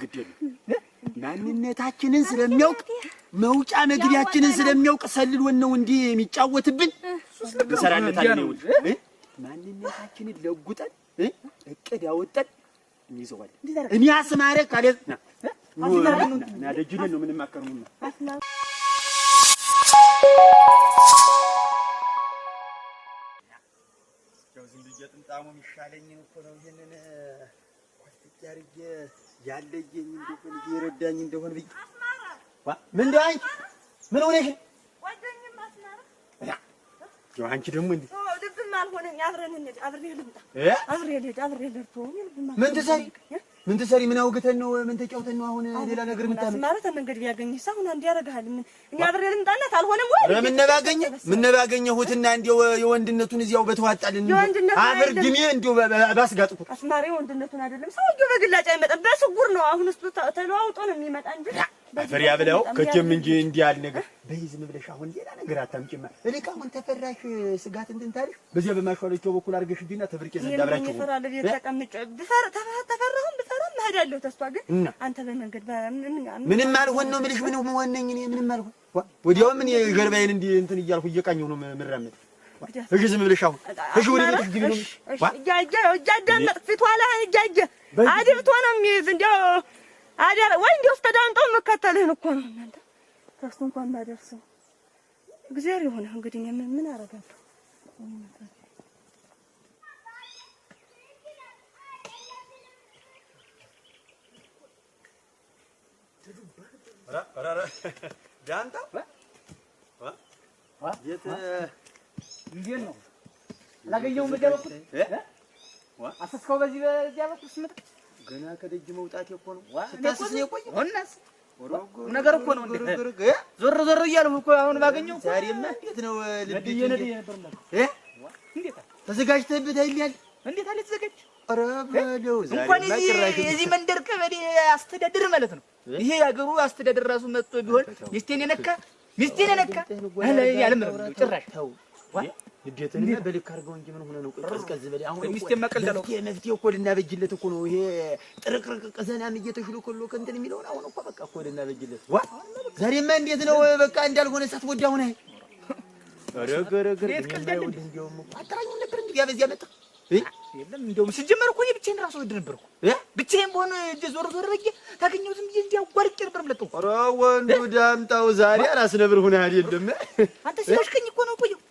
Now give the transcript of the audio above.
ግድ ማንነታችንን ስለሚያውቅ መውጫ መግቢያችንን ስለሚያውቅ ሰልሎን ነው እንዲህ የሚጫወትብን። እንሰራለታለን። ይኸውልህ ማንነታችንን ለጉጠን እቅድ ያወጠን እንይዘዋለን። እኔ አስማረ ካለና እና ደጅነን ነው ምንም አከርሙና ያው ዝም ብዬ ጥምጣሙም ይሻለኝ እኮ ነው ይሄንን ያርጌ ያለየኝ እንደሆነ ብዬ ምን እንደው አንቺ ምን ሆነሽ? አንቺ ደግሞ እንዴ ልብም አልሆነኝ። አብረን እንሂድ፣ አብሬ ልምጣ፣ አብሬ ልሂድ፣ አብሬ ልሂድ። ምን ትሰሪ ምን ትሰሪ? ምን አውግተን ነው? ምን ተጫውተን ነው? አሁን ሌላ ነገር ምታምን ማለት መንገድ ቢያገኝህ እሷ አሁን አንድ ያደርግሃል። ምን እኔ አብሬ ልምጣላት አልሆነም ወይ? ምን ነባገኘ ምን ነባገኘ ሁትና እንዲው የወንድነቱን እዚያው በተዋጣልን አብር ግሜ እንዲው ባስጋጥኩ አስማሪ ወንድነቱን አይደለም ሰው ሰውዬው በግላጭ አይመጣም በስጉር ነው። አሁን እሱ ተለዋውጦ ነው የሚመጣ እንጂ አፈር ያብለው ከጀም እንጂ እንዲህ ያለ ነገር በይ ዝም ብለሽ አሁን ሌላ ነገር አታምጪማ። እልቅ አሁን ተፈራሽ ስጋት እንትን ታሪፍ በዚያ በማሽዋለቸው በኩል አድርገሽ ሂጂና ተፈርቄ ዘንድ አብራችሁ ተፈራለሁ ተቀምጬ ተፈራሁም እሄዳለሁ። ተስፋ ግን አንተ በመንገድ ምንም አልሆን ነው የምልሽ። ምን ሆን ነኝ እኔ? ምንም አልሆን ወዲያው ምን የገርባዬን እንዲህ እንትን እያልኩ እየቃኘሁ ነው የምራመድ። እሺ ዝም ብለሽ አሁን እሺ፣ ወደ ቤትሽ ግቢ ነው እያየ እያዳመጥ ፊቷ ላይ እያየ አድብቶ ነው የሚይዝ እንዲያው አዳር ወይ እንዲያው እስከ ዳምጠው መከተልህን እኮ ነው እናንተ ተስፋ እንኳን ባደርሰው እግዚአብሔር ይሆነ እንግዲህ ምን ምን ዳንታ እንዴት ነው? አላገኘሁም። በዚያ በኩል አሰስከው በዚህ በዚያ ገና ከደጅ መውጣቴ እኮ ነው። ነገር እኮ ነው። ዞር ዞር እያልኩ እኮ አሁን ባገኘው እንዴት ነው ልብ ይነድ ይነበር ነው። ተዘጋጅተህበት አይልኛል። እንዴት አለ ተዘጋጅ ኧረ በለው እንኳን የዚህ መንደር ቀበሌ አስተዳደር ማለት ነው። ይሄ የሀገሩ አስተዳደር ራሱ መጥቶ ቢሆን ሚስቴን የነካ ሚስቴን የነካ ያለምነው ጭራሽ ግዴታን በልክ አድርገው እንጂ ምን ሆነ ነው? ቀዝቀዝ በል አሁን ሚስቴ መቀልቀለው መፍትሄ እኮ ልናበጅለት እኮ ነው። ይሄ ጥርቅርቅ ዘናም እየተሽሎኮሎ እንትን የሚለውን አሁን እኮ በቃ እኮ ልናበጅለት። ዛሬማ እንዴት ነው? በቃ እንዳልሆነ እሳት ወዲያ አሁን አይ ረገረገር እንደውም ነበር እንዴ ያበዚያ መጣ የለም እንደውም ስጀመር እኮ እኔ ብቻዬን እራሱ ወድ እኮ ብቻዬን በሆነ እ ዞር ዞር ብዬ ታገኘሁት ብዬ እንዲ አጓርቄ ነበር የምለጠው። ኧረ ወንዱ ዳምጣው ዛሬ አራስ ነብር ሁነሃል። የለም አንተ ሲያሽከኝ እኮ ነው ቆየሁ